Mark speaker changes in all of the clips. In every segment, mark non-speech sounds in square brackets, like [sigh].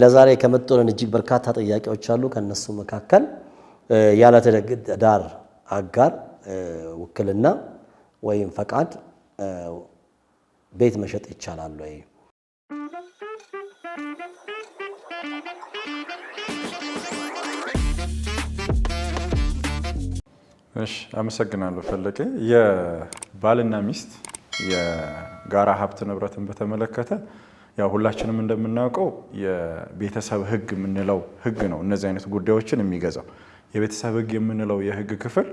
Speaker 1: ለዛሬ ከመጡልን እጅግ በርካታ ጥያቄዎች አሉ። ከነሱ መካከል ያለ ትዳር አጋር ውክልና ወይም ፈቃድ ቤት መሸጥ ይቻላል ወይ?
Speaker 2: እሺ፣ አመሰግናለሁ ፈለቀ። የባልና ሚስት የጋራ ሀብት ንብረትን በተመለከተ ያው ሁላችንም እንደምናውቀው የቤተሰብ ህግ የምንለው ህግ ነው እነዚህ አይነት ጉዳዮችን የሚገዛው። የቤተሰብ ህግ የምንለው የህግ ክፍል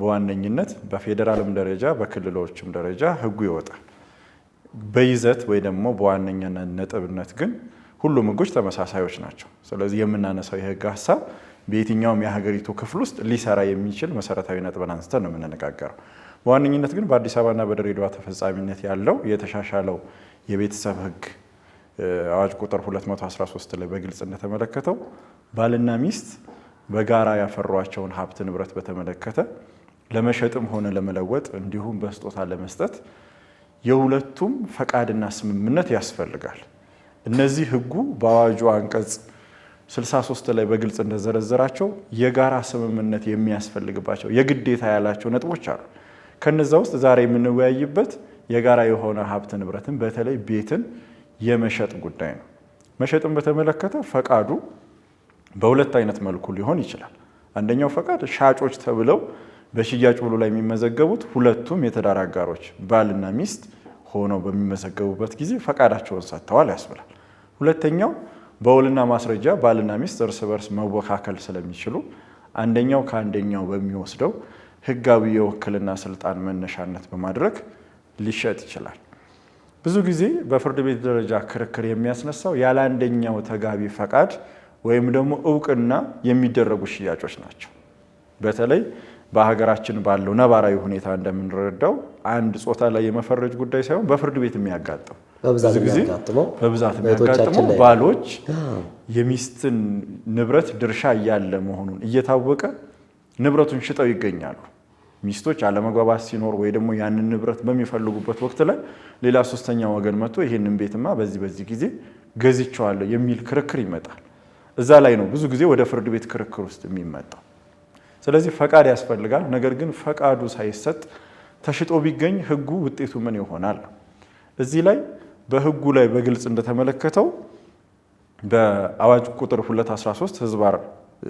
Speaker 2: በዋነኝነት በፌዴራልም ደረጃ በክልሎችም ደረጃ ህጉ ይወጣል። በይዘት ወይ ደግሞ በዋነኛነት ነጥብነት ግን ሁሉም ህጎች ተመሳሳዮች ናቸው። ስለዚህ የምናነሳው የህግ ሀሳብ በየትኛውም የሀገሪቱ ክፍል ውስጥ ሊሰራ የሚችል መሰረታዊ ነጥብን አንስተን ነው የምንነጋገረው። በዋነኝነት ግን በአዲስ አበባና በድሬዳዋ ተፈጻሚነት ያለው የተሻሻለው የቤተሰብ ህግ? አዋጅ ቁጥር 213 ላይ በግልጽ እንደተመለከተው ባልና ሚስት በጋራ ያፈሯቸውን ሀብት ንብረት በተመለከተ ለመሸጥም ሆነ ለመለወጥ እንዲሁም በስጦታ ለመስጠት የሁለቱም ፈቃድና ስምምነት ያስፈልጋል። እነዚህ ህጉ በአዋጁ አንቀጽ 63 ላይ በግልጽ እንደዘረዘራቸው የጋራ ስምምነት የሚያስፈልግባቸው የግዴታ ያላቸው ነጥቦች አሉ። ከነዛ ውስጥ ዛሬ የምንወያይበት የጋራ የሆነ ሀብት ንብረትን በተለይ ቤትን የመሸጥ ጉዳይ ነው። መሸጥን በተመለከተ ፈቃዱ በሁለት አይነት መልኩ ሊሆን ይችላል። አንደኛው ፈቃድ ሻጮች ተብለው በሽያጭ ውሉ ላይ የሚመዘገቡት ሁለቱም የትዳር አጋሮች ባልና ሚስት ሆነው በሚመዘገቡበት ጊዜ ፈቃዳቸውን ሰጥተዋል ያስብላል። ሁለተኛው በውልና ማስረጃ ባልና ሚስት እርስ በርስ መወካከል ስለሚችሉ አንደኛው ከአንደኛው በሚወስደው ሕጋዊ የውክልና ስልጣን መነሻነት በማድረግ ሊሸጥ ይችላል። ብዙ ጊዜ በፍርድ ቤት ደረጃ ክርክር የሚያስነሳው ያለ አንደኛው ተጋቢ ፈቃድ ወይም ደግሞ እውቅና የሚደረጉ ሽያጮች ናቸው። በተለይ በሀገራችን ባለው ነባራዊ ሁኔታ እንደምንረዳው አንድ ጾታ ላይ የመፈረጅ ጉዳይ ሳይሆን በፍርድ ቤት የሚያጋጥም
Speaker 1: ብዙ ጊዜ በብዛት የሚያጋጥመው
Speaker 2: ባሎች የሚስትን ንብረት ድርሻ እያለ መሆኑን እየታወቀ ንብረቱን ሽጠው ይገኛሉ። ሚስቶች አለመግባባት ሲኖር ወይ ደግሞ ያንን ንብረት በሚፈልጉበት ወቅት ላይ ሌላ ሶስተኛ ወገን መጥቶ ይህንን ቤትማ በዚህ በዚህ ጊዜ ገዝቸዋለሁ የሚል ክርክር ይመጣል። እዛ ላይ ነው ብዙ ጊዜ ወደ ፍርድ ቤት ክርክር ውስጥ የሚመጣው። ስለዚህ ፈቃድ ያስፈልጋል። ነገር ግን ፈቃዱ ሳይሰጥ ተሽጦ ቢገኝ ህጉ ውጤቱ ምን ይሆናል? እዚህ ላይ በህጉ ላይ በግልጽ እንደተመለከተው በአዋጅ ቁጥር 213 ህዝባር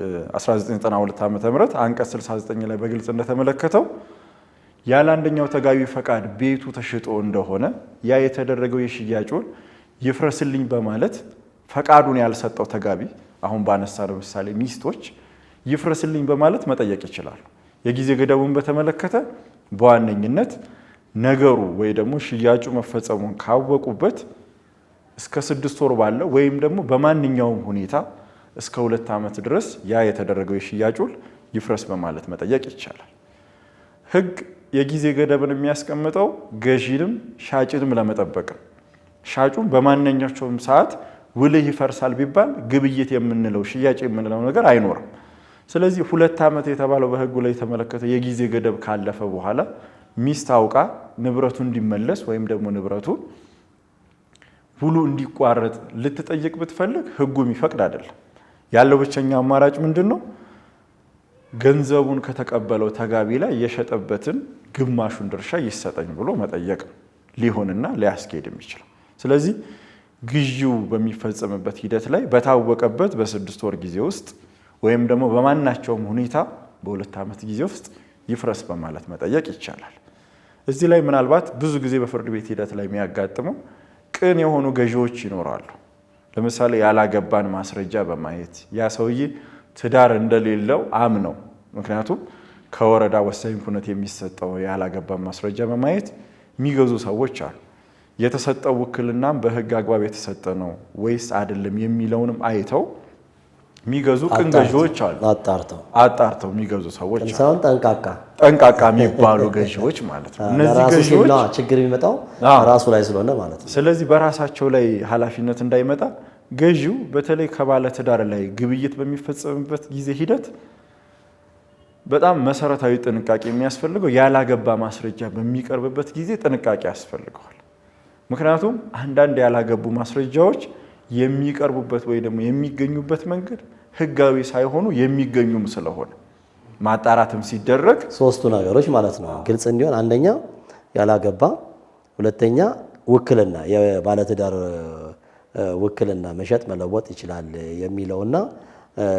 Speaker 2: 1992 ዓ ም አንቀጽ 69 ላይ በግልጽ እንደተመለከተው ያለ አንደኛው ተጋቢ ፈቃድ ቤቱ ተሽጦ እንደሆነ ያ የተደረገው የሽያጭ ውል ይፍረስልኝ በማለት ፈቃዱን ያልሰጠው ተጋቢ አሁን ባነሳ ለምሳሌ ሚስቶች ይፍረስልኝ በማለት መጠየቅ ይችላሉ። የጊዜ ገደቡን በተመለከተ በዋነኝነት ነገሩ ወይ ደግሞ ሽያጩ መፈጸሙን ካወቁበት እስከ ስድስት ወር ባለው ወይም ደግሞ በማንኛውም ሁኔታ እስከ ሁለት ዓመት ድረስ ያ የተደረገው የሽያጭ ውል ይፍረስ በማለት መጠየቅ ይቻላል። ህግ የጊዜ ገደብን የሚያስቀምጠው ገዢንም ሻጭንም ለመጠበቅ ሻጩን በማንኛቸውም ሰዓት ውልህ ይፈርሳል ቢባል ግብይት የምንለው ሽያጭ የምንለው ነገር አይኖርም። ስለዚህ ሁለት ዓመት የተባለው በህጉ ላይ የተመለከተው የጊዜ ገደብ ካለፈ በኋላ ሚስት አውቃ ንብረቱ እንዲመለስ ወይም ደግሞ ንብረቱ ውሉ እንዲቋረጥ ልትጠይቅ ብትፈልግ ህጉም ይፈቅድ አይደለም። ያለው ብቸኛ አማራጭ ምንድን ነው? ገንዘቡን ከተቀበለው ተጋቢ ላይ የሸጠበትን ግማሹን ድርሻ ይሰጠኝ ብሎ መጠየቅ ሊሆንና ሊያስኬድ የሚችለው። ስለዚህ ግዢው በሚፈጸምበት ሂደት ላይ በታወቀበት በስድስት ወር ጊዜ ውስጥ ወይም ደግሞ በማናቸውም ሁኔታ በሁለት ዓመት ጊዜ ውስጥ ይፍረስ በማለት መጠየቅ ይቻላል። እዚህ ላይ ምናልባት ብዙ ጊዜ በፍርድ ቤት ሂደት ላይ የሚያጋጥመው ቅን የሆኑ ገዢዎች ይኖራሉ። ለምሳሌ ያላገባን ማስረጃ በማየት ያ ሰውዬ ትዳር እንደሌለው አምነው፣ ምክንያቱም ከወረዳ ወሳኝ ኩነት የሚሰጠው ያላገባን ማስረጃ በማየት የሚገዙ ሰዎች አሉ። የተሰጠው ውክልናም በህግ አግባብ የተሰጠ ነው ወይስ አይደለም የሚለውንም አይተው የሚገዙ ቅን ገዢዎች አሉ። አጣርተው
Speaker 1: አጣርተው የሚገዙ ሰዎች ሳይሆን ጠንቃቃ ጠንቃቃ የሚባሉ ገዢዎች ማለት ነው። [laughs] እነዚህ ገዢዎች ችግር የሚመጣው ራሱ ላይ ስለሆነ ማለት
Speaker 2: ነው። ስለዚህ በራሳቸው ላይ ኃላፊነት እንዳይመጣ ገዢው በተለይ ከባለ ትዳር ላይ ግብይት በሚፈጸምበት ጊዜ ሂደት በጣም መሰረታዊ ጥንቃቄ የሚያስፈልገው ያላገባ ማስረጃ በሚቀርብበት ጊዜ ጥንቃቄ ያስፈልገዋል። ምክንያቱም አንዳንድ ያላገቡ ማስረጃዎች የሚቀርቡበት ወይ ደግሞ የሚገኙበት መንገድ ህጋዊ ሳይሆኑ የሚገኙም ስለሆነ ማጣራትም ሲደረግ
Speaker 1: ሶስቱ ነገሮች ማለት ነው ግልጽ እንዲሆን፣ አንደኛ ያላገባ፣ ሁለተኛ ውክልና የባለትዳር ውክልና መሸጥ መለወጥ ይችላል የሚለውና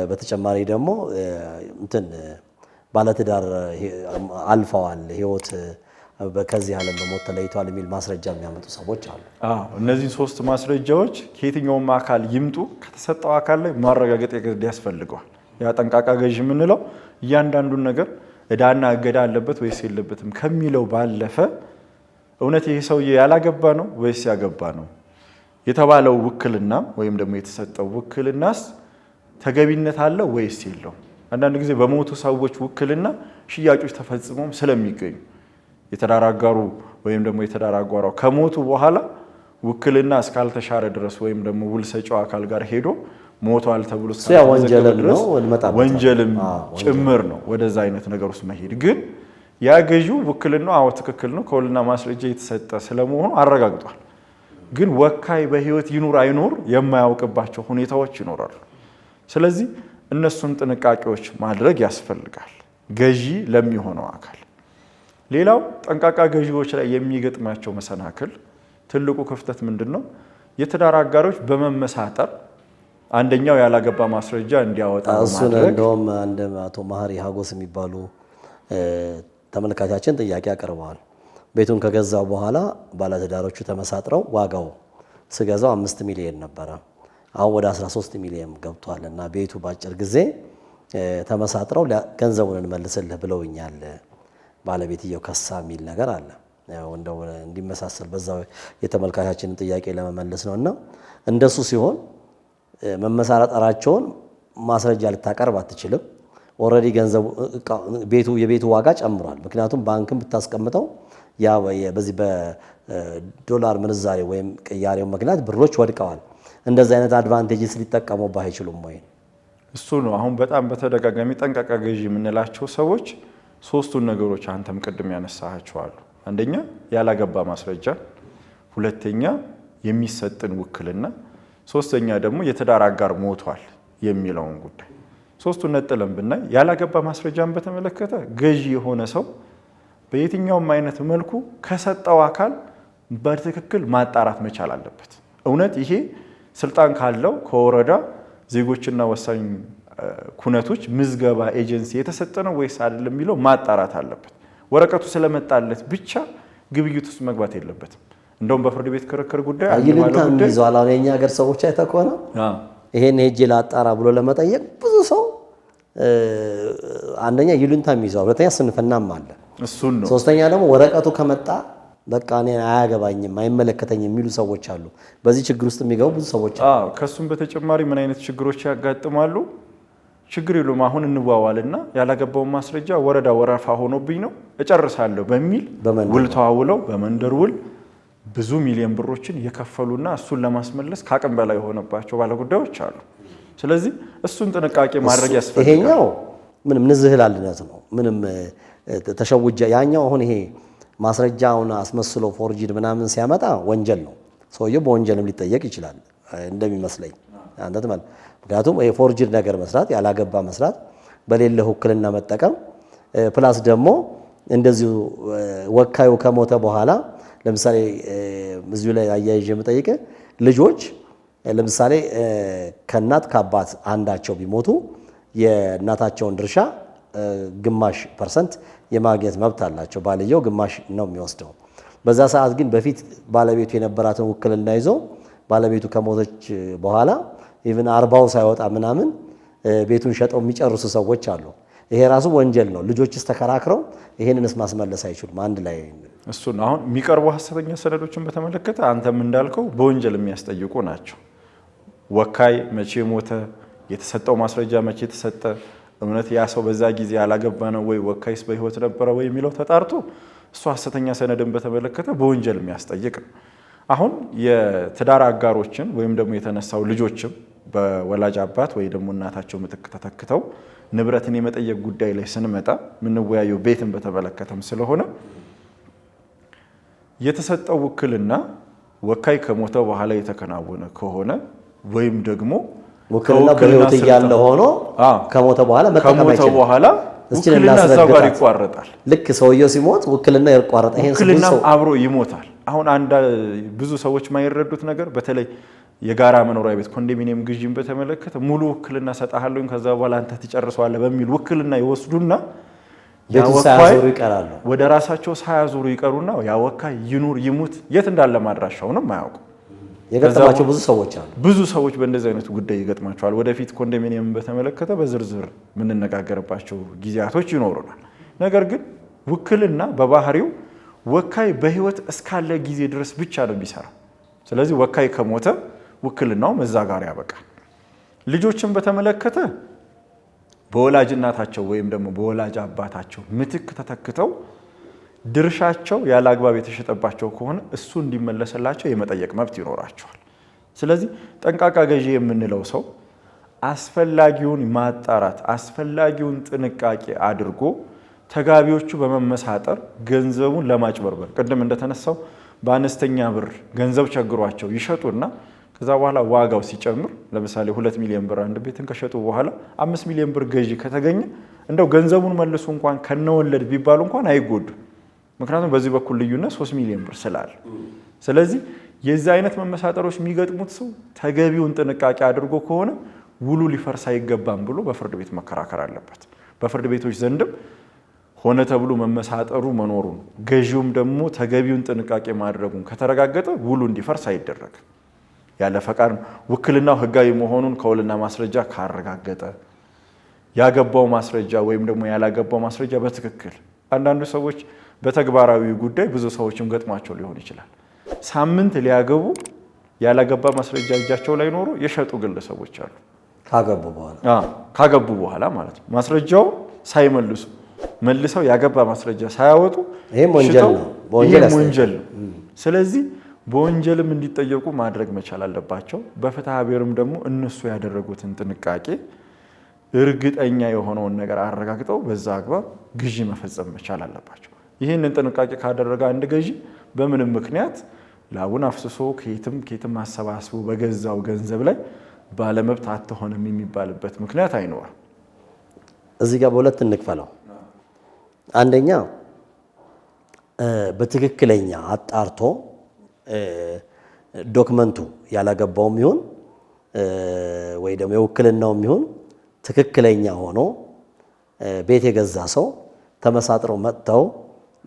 Speaker 1: በተጨማሪ ደግሞ እንትን ባለትዳር አልፈዋል ህይወት ከዚህ ዓለም በሞት ተለይቷል የሚል ማስረጃ የሚያመጡ ሰዎች አሉ።
Speaker 2: እነዚህ ሶስት ማስረጃዎች ከየትኛውም አካል ይምጡ ከተሰጠው አካል ላይ ማረጋገጥ የግድ ያስፈልገዋል። ያ ጠንቃቃ ገዥ የምንለው እያንዳንዱን ነገር እዳና እገዳ አለበት ወይስ የለበትም ከሚለው ባለፈ እውነት ይህ ሰውዬ ያላገባ ነው ወይስ ያገባ ነው የተባለው ውክልና ወይም ደግሞ የተሰጠው ውክልናስ ተገቢነት አለው ወይስ የለው? አንዳንድ ጊዜ በሞቱ ሰዎች ውክልና ሽያጮች ተፈጽሞም ስለሚገኙ የተዳራጋሩ ወይም ደግሞ የተዳራጓሯ ከሞቱ በኋላ ውክልና እስካልተሻረ ድረስ ወይም ደግሞ ውል ሰጪው አካል ጋር ሄዶ ሞቷል ተብሎ ወንጀልም ጭምር ነው። ወደዛ አይነት ነገር ውስጥ መሄድ ግን ያ ገዢው ውክልና አዎ ትክክል ነው ከውልና ማስረጃ የተሰጠ ስለመሆኑ አረጋግጧል። ግን ወካይ በህይወት ይኑር አይኖር የማያውቅባቸው ሁኔታዎች ይኖራሉ። ስለዚህ እነሱን ጥንቃቄዎች ማድረግ ያስፈልጋል ገዢ ለሚሆነው አካል ሌላው ጠንቃቃ ገዢዎች ላይ የሚገጥማቸው መሰናክል ትልቁ ክፍተት ምንድን ነው? የትዳር አጋሮች በመመሳጠር አንደኛው ያላገባ ማስረጃ እንዲያወጣ
Speaker 1: እሱን እንደውም አንድ አቶ ማህሪ ሀጎስ የሚባሉ ተመልካቻችን ጥያቄ አቅርበዋል። ቤቱን ከገዛው በኋላ ባለትዳሮቹ ተመሳጥረው ዋጋው ስገዛው አምስት ሚሊዮን ነበረ አሁን ወደ 13 ሚሊዮን ገብቷል እና ቤቱ በአጭር ጊዜ ተመሳጥረው ገንዘቡን እንመልስልህ ብለውኛል ባለቤትየው ከሳ የሚል ነገር አለ። እንደው እንዲመሳሰል በዛው የተመልካቻችንን ጥያቄ ለመመለስ ነው እና እንደሱ ሲሆን መመሳጠራቸውን ማስረጃ ልታቀርብ አትችልም። ኦልሬዲ ገንዘቡ ቤቱ የቤቱ ዋጋ ጨምሯል። ምክንያቱም ባንክን ብታስቀምጠው ያ በዚህ በዶላር ምንዛሬ ወይም ቅያሬው ምክንያት ብሮች ወድቀዋል። እንደዚህ አይነት አድቫንቴጅስ ሊጠቀሙባት አይችሉም ወይ?
Speaker 2: እሱ ነው አሁን በጣም በተደጋጋሚ ጠንቃቃ ገዢ የምንላቸው ሰዎች ሶስቱን ነገሮች አንተም ቅድም ያነሳቸዋሉ። አንደኛ ያላገባ ማስረጃ፣ ሁለተኛ የሚሰጥን ውክልና፣ ሶስተኛ ደግሞ የትዳር አጋር ሞቷል የሚለውን ጉዳይ ሶስቱን ነጥለን ብናይ ያላገባ ማስረጃን በተመለከተ ገዢ የሆነ ሰው በየትኛውም አይነት መልኩ ከሰጠው አካል በትክክል ማጣራት መቻል አለበት። እውነት ይሄ ስልጣን ካለው ከወረዳ ዜጎችና ወሳኝ ኩነቶች ምዝገባ ኤጀንሲ የተሰጠ ነው ወይስ አይደለም የሚለው ማጣራት አለበት። ወረቀቱ ስለመጣለት ብቻ ግብይት ውስጥ መግባት የለበትም። እንደውም በፍርድ ቤት ክርክር ጉዳይ
Speaker 1: ይዘዋል። አሁን የኛ ሀገር ሰዎች አይተህ ከሆነ ይሄን ሄጄ ላጣራ ብሎ ለመጠየቅ ብዙ ሰው አንደኛ ይሉንታ የሚይዘዋል፣ ሁለተኛ ስንፍናም አለ። እሱን ነው። ሶስተኛ ደግሞ ወረቀቱ ከመጣ በቃ እኔ አያገባኝም አይመለከተኝም የሚሉ ሰዎች አሉ። በዚህ ችግር ውስጥ የሚገቡ ብዙ ሰዎች
Speaker 2: አሉ። ከእሱም በተጨማሪ ምን አይነት ችግሮች ያጋጥማሉ? ችግር የለውም አሁን እንዋዋልና ያላገባውን ማስረጃ ወረዳ ወረፋ ሆኖብኝ ነው እጨርሳለሁ በሚል ውል ተዋውለው በመንደር ውል ብዙ ሚሊዮን ብሮችን የከፈሉና እሱን ለማስመለስ ከአቅም በላይ የሆነባቸው ባለጉዳዮች አሉ። ስለዚህ እሱን ጥንቃቄ ማድረግ ያስፈልጋል።
Speaker 1: ይሄኛው ምንም ንዝህላልነት ነው። ምንም ተሸውጃ ያኛው አሁን ይሄ ማስረጃውን አስመስሎ ፎርጂድ ምናምን ሲያመጣ ወንጀል ነው። ሰውየው በወንጀልም ሊጠየቅ ይችላል እንደሚመስለኝ አንተ ምክንያቱም የፎርጅድ ነገር መስራት ያላገባ መስራት በሌለ ውክልና መጠቀም ፕላስ ደግሞ እንደዚሁ ወካዩ ከሞተ በኋላ ለምሳሌ እዚሁ ላይ አያይዤ የምጠይቅ ልጆች ለምሳሌ ከእናት ከአባት አንዳቸው ቢሞቱ የእናታቸውን ድርሻ ግማሽ ፐርሰንት የማግኘት መብት አላቸው። ባልየው ግማሽ ነው የሚወስደው። በዛ ሰዓት ግን በፊት ባለቤቱ የነበራትን ውክልና ይዞ ባለቤቱ ከሞተች በኋላ ኢቭን አርባው ሳይወጣ ምናምን ቤቱን ሸጠው የሚጨርሱ ሰዎች አሉ። ይሄ ራሱ ወንጀል ነው። ልጆችስ ተከራክረው ይሄንንስ ማስመለስ አይችሉም። አንድ ላይ
Speaker 2: እሱ አሁን የሚቀርቡ ሀሰተኛ ሰነዶችን በተመለከተ አንተም እንዳልከው በወንጀል የሚያስጠይቁ ናቸው። ወካይ መቼ ሞተ፣ የተሰጠው ማስረጃ መቼ ተሰጠ፣ እምነት ያ ሰው በዛ ጊዜ አላገባ ነው ወይ፣ ወካይስ በህይወት ነበረ ወይ የሚለው ተጣርቶ እሱ ሀሰተኛ ሰነድን በተመለከተ በወንጀል የሚያስጠይቅ ነው። አሁን የትዳር አጋሮችን ወይም ደግሞ የተነሳው ልጆችም በወላጅ አባት ወይ ደግሞ እናታቸው ምትክ ተተክተው ንብረትን የመጠየቅ ጉዳይ ላይ ስንመጣ የምንወያየው ቤትን በተመለከተም ስለሆነ የተሰጠው ውክልና ወካይ ከሞተ በኋላ የተከናወነ ከሆነ ወይም ደግሞ ውክልና በሕይወት እያለ ሆኖ ከሞተ በኋላ መጠቀም አይችልም። ውክልና እዛ ጋር ይቋረጣል።
Speaker 1: ልክ ሰውየው ሲሞት ውክልና ይቋረጣል።
Speaker 2: ውክልና አብሮ ይሞታል። አሁን አንድ ብዙ ሰዎች የማይረዱት ነገር በተለይ የጋራ መኖሪያ ቤት ኮንዶሚኒየም ግዥን በተመለከተ ሙሉ ውክልና ሰጣሃለኝ ከዛ በኋላ አንተ ትጨርሰዋለህ በሚል ውክልና ይወስዱና ወደ ራሳቸው ሳያዞሩ ይቀሩና ያወካይ ይኑር ይሙት የት እንዳለ ማድራሻውንም አያውቁ።
Speaker 1: የገጠማቸው ብዙ ሰዎች አሉ።
Speaker 2: ብዙ ሰዎች በእንደዚህ አይነቱ ጉዳይ ይገጥማቸዋል። ወደፊት ኮንዶሚኒየም በተመለከተ በዝርዝር የምንነጋገርባቸው ጊዜያቶች ይኖሩናል። ነገር ግን ውክልና በባህሪው ወካይ በህይወት እስካለ ጊዜ ድረስ ብቻ ነው የሚሰራው። ስለዚህ ወካይ ከሞተ ውክልናውም እዛ ጋር ያበቃል። ልጆችን በተመለከተ በወላጅ እናታቸው ወይም ደግሞ በወላጅ አባታቸው ምትክ ተተክተው ድርሻቸው ያለ አግባብ የተሸጠባቸው ከሆነ እሱ እንዲመለስላቸው የመጠየቅ መብት ይኖራቸዋል። ስለዚህ ጠንቃቃ ገዢ የምንለው ሰው አስፈላጊውን ማጣራት አስፈላጊውን ጥንቃቄ አድርጎ ተጋቢዎቹ በመመሳጠር ገንዘቡን ለማጭበርበር ቅድም እንደተነሳው በአነስተኛ ብር ገንዘብ ቸግሯቸው ይሸጡና ከዛ በኋላ ዋጋው ሲጨምር ለምሳሌ ሁለት ሚሊዮን ብር አንድ ቤትን ከሸጡ በኋላ አምስት ሚሊዮን ብር ገዢ ከተገኘ እንደው ገንዘቡን መልሱ እንኳን ከነወለድ ቢባሉ እንኳን አይጎዱ። ምክንያቱም በዚህ በኩል ልዩነት ሶስት ሚሊዮን ብር ስላለ፣ ስለዚህ የዚህ አይነት መመሳጠሮች የሚገጥሙት ሰው ተገቢውን ጥንቃቄ አድርጎ ከሆነ ውሉ ሊፈርስ አይገባም ብሎ በፍርድ ቤት መከራከር አለበት። በፍርድ ቤቶች ዘንድም ሆነ ተብሎ መመሳጠሩ መኖሩን ገዢውም ደግሞ ተገቢውን ጥንቃቄ ማድረጉን ከተረጋገጠ ውሉ እንዲፈርስ አይደረግም። ያለ ፈቃድ ውክልናው ህጋዊ መሆኑን ከውልና ማስረጃ ካረጋገጠ ያገባው ማስረጃ ወይም ደግሞ ያላገባው ማስረጃ በትክክል አንዳንዱ ሰዎች በተግባራዊ ጉዳይ ብዙ ሰዎችም ገጥሟቸው ሊሆን ይችላል። ሳምንት ሊያገቡ ያላገባ ማስረጃ እጃቸው ላይ ኖሮ የሸጡ ግለሰቦች አሉ።
Speaker 1: ካገቡ በኋላ
Speaker 2: ካገቡ በኋላ ማለት ነው ማስረጃው ሳይመልሱ መልሰው ያገባ ማስረጃ ሳያወጡ
Speaker 1: ይህም ወንጀል ነው።
Speaker 2: ስለዚህ በወንጀልም እንዲጠየቁ ማድረግ መቻል አለባቸው። በፍትሐ ብሔርም ደግሞ እነሱ ያደረጉትን ጥንቃቄ እርግጠኛ የሆነውን ነገር አረጋግጠው በዛ አግባብ ግዢ መፈጸም መቻል አለባቸው። ይህንን ጥንቃቄ ካደረገ አንድ ገዢ በምንም ምክንያት ላቡን አፍስሶ ከየትም ከየትም አሰባስቦ በገዛው ገንዘብ ላይ ባለመብት አትሆንም የሚባልበት ምክንያት አይኖርም።
Speaker 1: እዚህ ጋር በሁለት እንክፈለው። አንደኛ በትክክለኛ አጣርቶ ዶክመንቱ ያላገባውም ይሁን ወይ ደግሞ የውክልናውም ይሁን ትክክለኛ ሆኖ ቤት የገዛ ሰው ተመሳጥረው መጥተው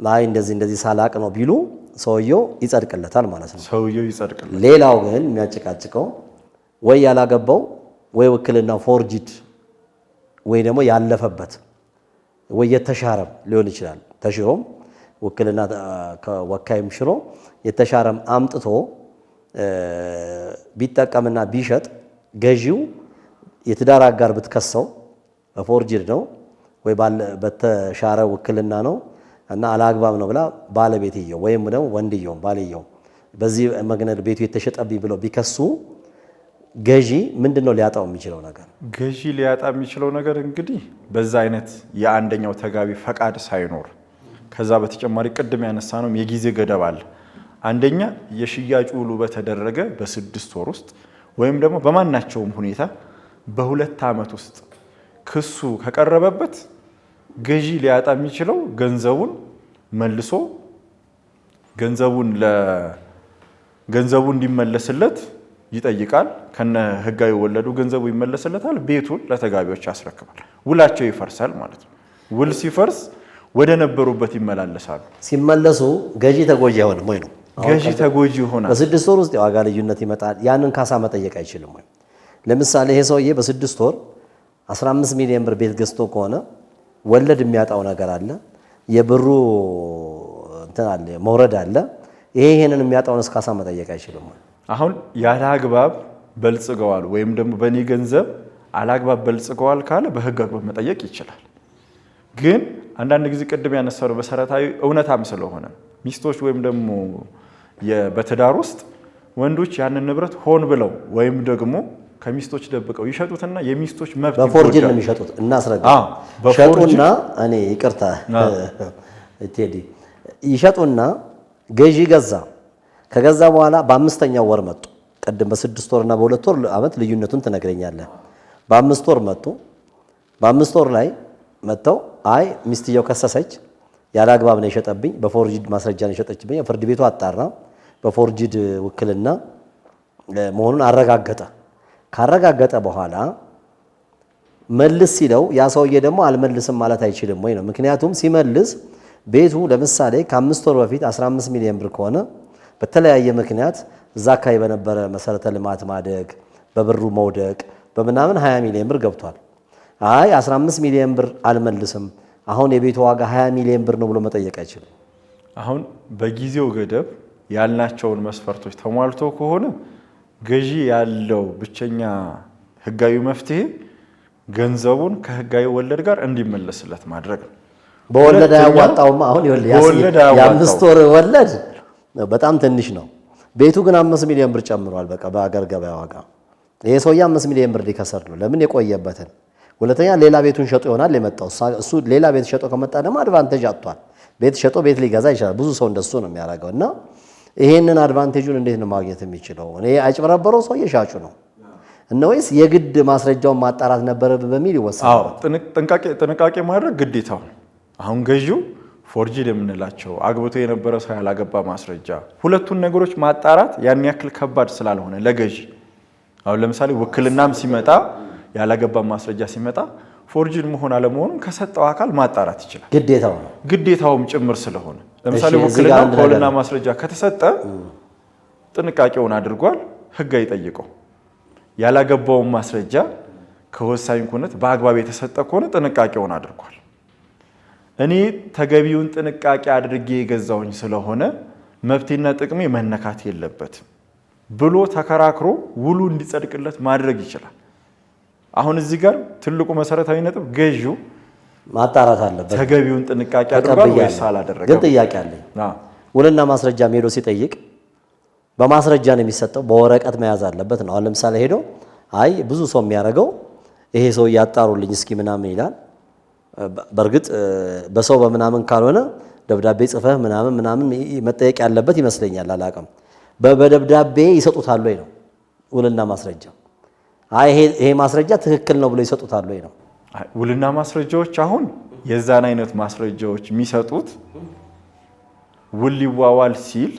Speaker 1: ላይ እንደዚህ እንደዚህ ሳላቅ ነው ቢሉ ሰውየው ይጸድቅለታል ማለት ነው። ሰውየው ይጸድቅለታል። ሌላው ግን የሚያጨቃጭቀው ወይ ያላገባው ወይ ውክልና ፎርጅድ ወይ ደግሞ ያለፈበት ወይ የተሻረም ሊሆን ይችላል ተሽሮም ውክልና ከወካይም ሽሮ የተሻረም አምጥቶ ቢጠቀምና ቢሸጥ ገዢው የትዳር አጋር ብትከሰው በፎርጅድ ነው ወይ በተሻረ ውክልና ነው እና አላግባብ ነው ብላ ባለቤትየው ወይም ደግሞ ወንድየው ባልየው በዚህ መግነድ ቤቱ የተሸጠብኝ ብለው ቢከሱ ገዢ ምንድን ነው ሊያጣው የሚችለው ነገር?
Speaker 2: ገዢ ሊያጣ የሚችለው ነገር እንግዲህ በዛ አይነት የአንደኛው ተጋቢ ፈቃድ ሳይኖር ከዛ በተጨማሪ ቅድም ያነሳ ነው የጊዜ ገደብ አለ። አንደኛ የሽያጭ ውሉ በተደረገ በስድስት ወር ውስጥ ወይም ደግሞ በማናቸውም ሁኔታ በሁለት ዓመት ውስጥ ክሱ ከቀረበበት ገዢ ሊያጣ የሚችለው ገንዘቡን መልሶ ገንዘቡን ገንዘቡ እንዲመለስለት ይጠይቃል። ከነ ህጋዊ ወለዱ ገንዘቡ ይመለስለታል። ቤቱን ለተጋቢዎች ያስረክባል። ውላቸው ይፈርሳል ማለት ነው። ውል ሲፈርስ ወደ ነበሩበት ይመላለሳሉ።
Speaker 1: ሲመለሱ ገዢ ተጎጂ አይሆንም ወይ ነው? ገዢ ተጎጂ ይሆናል። በስድስት ወር ውስጥ የዋጋ ልዩነት ይመጣል። ያንን ካሳ መጠየቅ አይችልም ወይ? ለምሳሌ ይሄ ሰውዬ በስድስት ወር 15 ሚሊዮን ብር ቤት ገዝቶ ከሆነ ወለድ የሚያጣው ነገር አለ፣ የብሩ እንትን አለ፣ መውረድ አለ። ይሄ ይሄንን የሚያጣውን ካሳ መጠየቅ አይችልም ወይ?
Speaker 2: አሁን ያለ አግባብ በልጽገዋል ወይም ደግሞ በእኔ ገንዘብ አላግባብ በልጽገዋል ካለ በህግ አግባብ መጠየቅ ይችላል። ግን አንዳንድ ጊዜ ቅድም ያነሳነው መሰረታዊ እውነታም ስለሆነ ሚስቶች ወይም ደግሞ በትዳር ውስጥ ወንዶች ያንን ንብረት ሆን ብለው ወይም ደግሞ ከሚስቶች ደብቀው ይሸጡትና የሚስቶች መብት
Speaker 1: በፎርጅን ነው የሚሸጡት። እናስረዳ ሸጡና እኔ ይቅርታ [laughs] ቴዲ ይሸጡና ገዢ ገዛ። ከገዛ በኋላ በአምስተኛው ወር መጡ። ቅድም በስድስት ወርና በሁለት ወር ዓመት ልዩነቱን ትነግረኛለህ። በአምስት ወር መጡ። በአምስት ወር ላይ መጥተው አይ ሚስትየው ከሰሰች፣ ያለ አግባብ ነው የሸጠብኝ፣ በፎርጅድ ማስረጃ ነው የሸጠችብኝ። ፍርድ ቤቱ አጣራ፣ በፎርጅድ ውክልና መሆኑን አረጋገጠ። ካረጋገጠ በኋላ መልስ ሲለው ያ ሰውዬ ደግሞ አልመልስም ማለት አይችልም ወይ ነው። ምክንያቱም ሲመልስ ቤቱ ለምሳሌ ከአምስት ወር በፊት 15 ሚሊዮን ብር ከሆነ በተለያየ ምክንያት እዛ አካባቢ በነበረ መሰረተ ልማት ማደግ፣ በብሩ መውደቅ፣ በምናምን 20 ሚሊዮን ብር ገብቷል። አይ 15 ሚሊዮን ብር አልመልስም አሁን የቤቱ ዋጋ 20 ሚሊዮን ብር ነው ብሎ መጠየቅ አይችልም።
Speaker 2: አሁን በጊዜው ገደብ ያልናቸውን መስፈርቶች ተሟልቶ ከሆነ ገዢ ያለው ብቸኛ ህጋዊ መፍትሄ ገንዘቡን ከህጋዊ ወለድ ጋር እንዲመለስለት ማድረግ ነው።
Speaker 1: በወለድ አያዋጣውም። አሁን የአምስት ወር ወለድ በጣም ትንሽ ነው። ቤቱ ግን አምስት ሚሊዮን ብር ጨምሯል። በቃ በአገር ገበያ ዋጋ ይሄ ሰውዬ አምስት ሚሊዮን ብር ሊከሰር ነው። ለምን የቆየበትን ሁለተኛ ሌላ ቤቱን ሸጦ ይሆናል የመጣው። እሱ ሌላ ቤት ሸጦ ከመጣ ደግሞ አድቫንቴጅ አጥቷል። ቤት ሸጦ ቤት ሊገዛ ይችላል። ብዙ ሰው እንደሱ ነው የሚያደርገው። እና ይሄንን አድቫንቴጁን እንዴት ነው ማግኘት የሚችለው? እኔ አጭበረበረው ሰው የሻጩ ነው እና ወይስ የግድ ማስረጃውን ማጣራት ነበረብህ በሚል
Speaker 2: ይወሰናል። ጥንቃቄ ማድረግ ግዴታው። አሁን ገዢው ፎርጂድ የምንላቸው አግብቶ የነበረ ሰው ያላገባ ማስረጃ፣ ሁለቱን ነገሮች ማጣራት ያን ያክል ከባድ ስላልሆነ ለገዢ አሁን ለምሳሌ ውክልናም ሲመጣ ያላገባ ማስረጃ ሲመጣ ፎርጅን መሆን አለመሆኑን ከሰጠው አካል ማጣራት ይችላል። ግዴታው ነው ግዴታውም ጭምር ስለሆነ ለምሳሌ ውክልና ከውልና ማስረጃ ከተሰጠ ጥንቃቄውን አድርጓል፣ ህግ አይጠይቀው። ያላገባውን ማስረጃ ከወሳኝ ኩነት በአግባብ የተሰጠ ከሆነ ጥንቃቄውን አድርጓል። እኔ ተገቢውን ጥንቃቄ አድርጌ የገዛውኝ ስለሆነ መብቴና ጥቅሜ መነካት የለበትም ብሎ ተከራክሮ ውሉ እንዲጸድቅለት ማድረግ ይችላል። አሁን እዚህ ጋር ትልቁ መሰረታዊ ነጥብ ገዢው
Speaker 1: ማጣራት አለበት። ተገቢውን ጥንቃቄ አድርጓል ወይስ አላደረገም? ግን ጥያቄ አለኝ። ውልና ማስረጃም ሄዶ ሲጠይቅ በማስረጃ ነው የሚሰጠው፣ በወረቀት መያዝ አለበት ነው። አሁን ለምሳሌ ሄዶ አይ ብዙ ሰው የሚያደርገው ይሄ ሰው እያጣሩልኝ እስኪ ምናምን ይላል። በእርግጥ በሰው በምናምን ካልሆነ ደብዳቤ ጽፈህ ምናምን ምናምን መጠየቅ ያለበት ይመስለኛል። አላቅም በደብዳቤ ይሰጡታል ወይ ነው ውልና ማስረጃ አይ ይሄ ማስረጃ ትክክል ነው ብሎ ይሰጡታል ወይ ነው።
Speaker 2: ውልና ማስረጃዎች አሁን የዛን አይነት ማስረጃዎች የሚሰጡት ውል ይዋዋል ሲል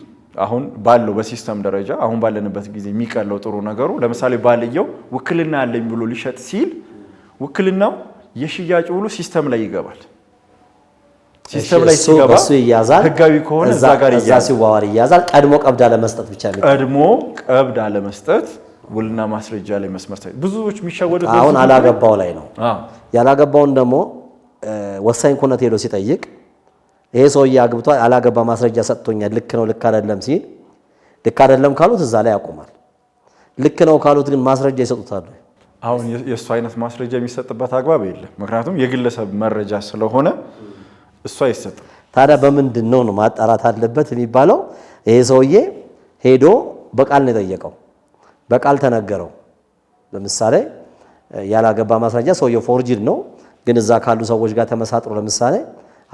Speaker 2: አሁን ባለው በሲስተም ደረጃ አሁን ባለንበት ጊዜ የሚቀለው ጥሩ ነገሩ ለምሳሌ ባልየው ውክልና አለኝ ብሎ ሊሸጥ ሲል ውክልናው የሽያጭ ውሉ ሲስተም ላይ ይገባል።
Speaker 1: ሲስተም ላይ ሲገባ ይያዛል። ህጋዊ ከሆነ እዛ ጋር ይያዛል፣ ሲዋዋል ይያዛል። ቀድሞ ቀብድ አለመስጠት
Speaker 2: ብቻ ቀድሞ ቀብድ አለመስጠት ውልና ማስረጃ ላይ መስመር ብዙዎች የሚሸወዱ
Speaker 1: አሁን አላገባው ላይ ነው። ያላገባውን ደግሞ ወሳኝ ኩነት ሄዶ ሲጠይቅ ይሄ ሰውዬ አግብቷ አላገባ ማስረጃ ሰጥቶኛል፣ ልክ ነው ልክ አይደለም ሲል ልክ አይደለም ካሉት እዛ ላይ ያቆማል። ልክ ነው ካሉት ግን ማስረጃ ይሰጡታሉ።
Speaker 2: አሁን የእሱ አይነት ማስረጃ የሚሰጥበት አግባብ የለም። ምክንያቱም የግለሰብ መረጃ ስለሆነ እሱ አይሰጥም። ታዲያ
Speaker 1: በምንድን ነው ማጣራት አለበት የሚባለው? ይሄ ሰውዬ ሄዶ በቃል ነው የጠየቀው በቃል ተነገረው። ለምሳሌ ያላገባ ማስረጃ ሰውየው ፎርጅድ ነው፣ ግን እዛ ካሉ ሰዎች ጋር ተመሳጥሮ ለምሳሌ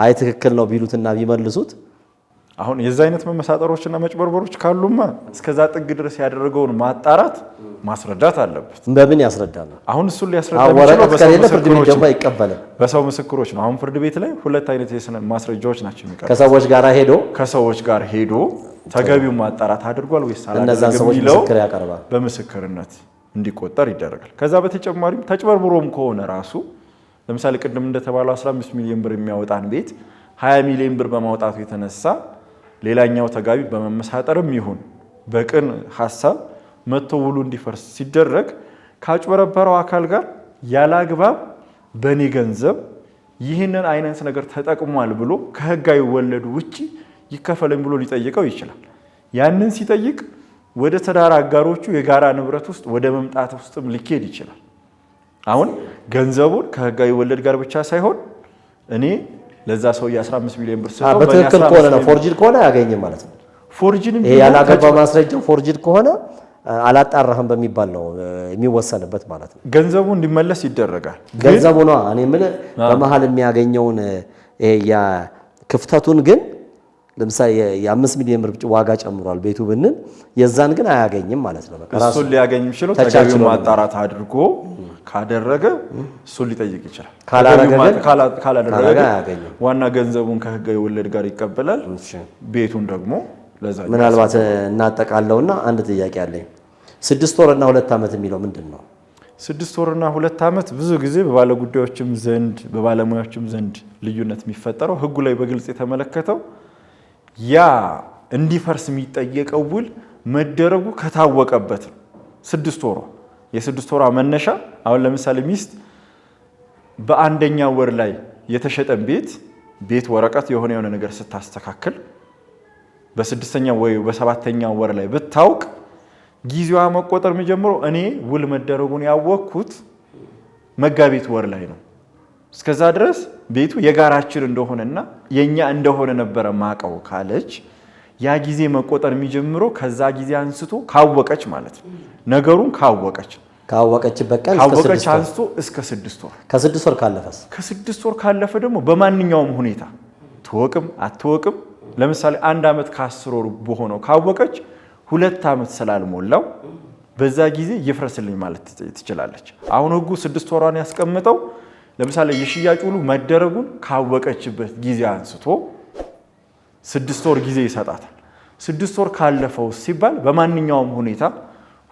Speaker 1: አይ ትክክል ነው ቢሉትና ቢመልሱት
Speaker 2: አሁን የዚ አይነት መመሳጠሮችና መጭበርበሮች ካሉማ እስከዛ ጥግ ድረስ ያደረገውን ማጣራት ማስረዳት አለበት።
Speaker 1: በምን ያስረዳል? አሁን እሱን ሊያስረዳ
Speaker 2: በሰው ምስክሮች ነው። አሁን ፍርድ ቤት ላይ ሁለት አይነት የስነ ማስረጃዎች ናቸው
Speaker 1: የሚቀርቡት። ከሰዎች ጋር ሄዶ ከሰዎች ጋር ሄዶ ተገቢውን ማጣራት አድርጓል ወይስ አላደረገም የሚለው በምስክርነት እንዲቆጠር ይደረጋል።
Speaker 2: ከዛ በተጨማሪም ተጭበርብሮም ከሆነ ራሱ ለምሳሌ ቅድም እንደተባለው 15 ሚሊዮን ብር የሚያወጣን ቤት 20 ሚሊዮን ብር በማውጣቱ የተነሳ ሌላኛው ተጋቢ በመመሳጠርም ይሁን በቅን ሀሳብ መጥቶ ውሉ እንዲፈርስ ሲደረግ ካጭበረበረው አካል ጋር ያለ አግባብ በእኔ ገንዘብ ይህንን አይነት ነገር ተጠቅሟል ብሎ ከህጋዊ ወለዱ ውጭ ይከፈለኝ ብሎ ሊጠይቀው ይችላል። ያንን ሲጠይቅ ወደ ትዳር አጋሮቹ የጋራ ንብረት ውስጥ ወደ መምጣት ውስጥም ሊኬድ ይችላል። አሁን ገንዘቡን ከህጋዊ ወለድ ጋር ብቻ ሳይሆን እኔ ለዛ ሰውዬ 15 ሚሊዮን ብር
Speaker 1: ሰጠው በትክክል ከሆነ ነው ፎርጅድ ከሆነ አያገኝም ማለት ነው። ፎርጅድ ያለ ያላገባ ማስረጃው ፎርጅድ ከሆነ አላጣራህም በሚባል ነው የሚወሰንበት ማለት ነው።
Speaker 2: ገንዘቡ እንዲመለስ ይደረጋል።
Speaker 1: ገንዘቡ ነው እኔ የምልህ በመሀል የሚያገኘውን ክፍተቱን ግን ለምሳሌ የአምስት ሚሊዮን ብር ዋጋ ጨምሯል ቤቱ ብንል የዛን ግን አያገኝም ማለት ነው።
Speaker 2: እሱን ሊያገኝ የሚችለው ተገቢው ማጣራት አድርጎ ካደረገ እሱን ሊጠይቅ ይችላል።
Speaker 1: ካላደረገ አያገኝም። ዋና ገንዘቡን ከህገ ወለድ ጋር ይቀበላል። ቤቱን ደግሞ ምናልባት እናጠቃለውና አንድ ጥያቄ አለኝ። ስድስት ወርና ሁለት ዓመት የሚለው ምንድን ነው?
Speaker 2: ስድስት ወርና ሁለት ዓመት ብዙ ጊዜ በባለጉዳዮችም ዘንድ በባለሙያዎችም ዘንድ ልዩነት የሚፈጠረው ህጉ ላይ በግልጽ የተመለከተው ያ እንዲፈርስ የሚጠየቀው ውል መደረጉ ከታወቀበት ነው። ስድስት ወሯ የስድስት ወሯ መነሻ አሁን ለምሳሌ ሚስት በአንደኛ ወር ላይ የተሸጠን ቤት ቤት ወረቀት የሆነ የሆነ ነገር ስታስተካክል በስድስተኛ ወይ በሰባተኛ ወር ላይ ብታውቅ ጊዜዋ መቆጠር የሚጀምረው እኔ ውል መደረጉን ያወቅኩት መጋቢት ወር ላይ ነው። እስከዛ ድረስ ቤቱ የጋራችን እንደሆነና የእኛ እንደሆነ ነበረ ማቀው ካለች ያ ጊዜ መቆጠር የሚጀምረው ከዛ ጊዜ አንስቶ ካወቀች ማለት ነው። ነገሩን ካወቀች
Speaker 1: ካወቀችበት ቀን ካወቀች አንስቶ እስከ ስድስት ወር ከስድስት ወር ካለፈስ
Speaker 2: ከስድስት ወር ካለፈ ደግሞ በማንኛውም ሁኔታ ትወቅም አትወቅም፣ ለምሳሌ አንድ ዓመት ከአስር ወር በሆነው ካወቀች ሁለት ዓመት ስላልሞላው በዛ ጊዜ ይፍረስልኝ ማለት ትችላለች። አሁን ህጉ ስድስት ወሯን ያስቀምጠው ለምሳሌ የሽያጭ ውሉ መደረጉን ካወቀችበት ጊዜ አንስቶ ስድስት ወር ጊዜ ይሰጣታል። ስድስት ወር ካለፈው ሲባል በማንኛውም ሁኔታ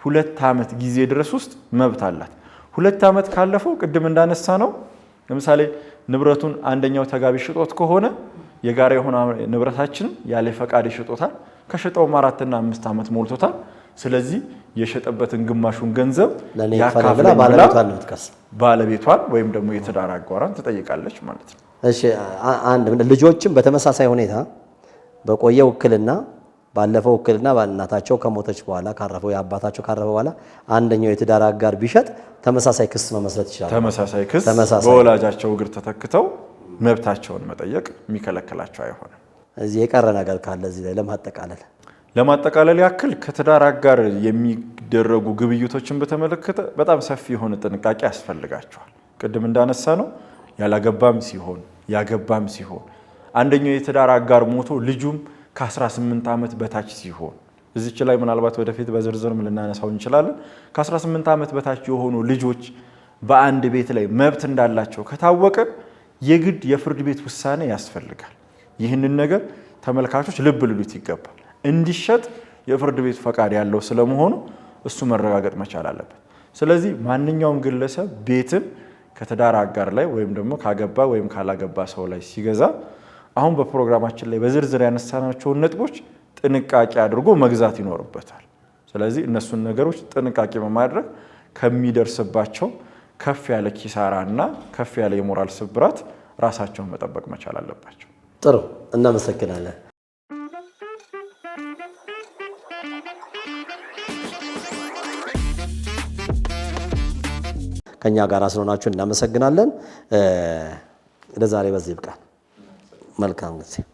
Speaker 2: ሁለት ዓመት ጊዜ ድረስ ውስጥ መብት አላት። ሁለት ዓመት ካለፈው ቅድም እንዳነሳ ነው ለምሳሌ ንብረቱን አንደኛው ተጋቢ ሽጦት ከሆነ የጋራ የሆነ ንብረታችን ያለ ፈቃድ ይሽጦታል። ከሸጠውም አራትና አምስት ዓመት ሞልቶታል። ስለዚህ የሸጠበትን ግማሹን ገንዘብ
Speaker 1: ባለቤቷን ወይም ደግሞ የትዳር አጋሯን ትጠይቃለች ማለት ነው። እሺ አንድ ልጆችም በተመሳሳይ ሁኔታ በቆየ ውክልና ባለፈው ውክልና እናታቸው ከሞተች በኋላ ካረፈው የአባታቸው ካረፈ በኋላ አንደኛው የትዳር አጋር ቢሸጥ ተመሳሳይ ክስ መመስረት ይችላል።
Speaker 2: ተመሳሳይ ክስ በወላጃቸው እግር ተተክተው መብታቸውን መጠየቅ የሚከለክላቸው አይሆንም።
Speaker 1: እዚህ የቀረ ነገር ካለ እዚህ ላይ ለማጠቃለል
Speaker 2: ለማጠቃለል ያክል ከትዳር አጋር የሚደረጉ ግብይቶችን በተመለከተ በጣም ሰፊ የሆነ ጥንቃቄ ያስፈልጋቸዋል። ቅድም እንዳነሳ ነው ያላገባም ሲሆን ያገባም ሲሆን አንደኛው የትዳር አጋር ሞቶ ልጁም ከ18 ዓመት በታች ሲሆን እዚች ላይ ምናልባት ወደፊት በዝርዝርም ልናነሳው እንችላለን። ከ18 ዓመት በታች የሆኑ ልጆች በአንድ ቤት ላይ መብት እንዳላቸው ከታወቀ የግድ የፍርድ ቤት ውሳኔ ያስፈልጋል። ይህንን ነገር ተመልካቾች ልብ ልሉት ይገባል። እንዲሸጥ የፍርድ ቤት ፈቃድ ያለው ስለመሆኑ እሱ መረጋገጥ መቻል አለበት። ስለዚህ ማንኛውም ግለሰብ ቤትን ከትዳር አጋር ላይ ወይም ደግሞ ካገባ ወይም ካላገባ ሰው ላይ ሲገዛ አሁን በፕሮግራማችን ላይ በዝርዝር ያነሳናቸውን ነጥቦች ጥንቃቄ አድርጎ መግዛት ይኖርበታል። ስለዚህ እነሱን ነገሮች ጥንቃቄ በማድረግ ከሚደርስባቸው ከፍ ያለ ኪሳራ እና ከፍ ያለ የሞራል ስብራት ራሳቸውን መጠበቅ መቻል አለባቸው።
Speaker 1: ጥሩ እናመሰግናለን። ከእኛ ጋር ስለሆናችሁ እናመሰግናለን። ለዛሬ በዚህ ይብቃል። መልካም ጊዜ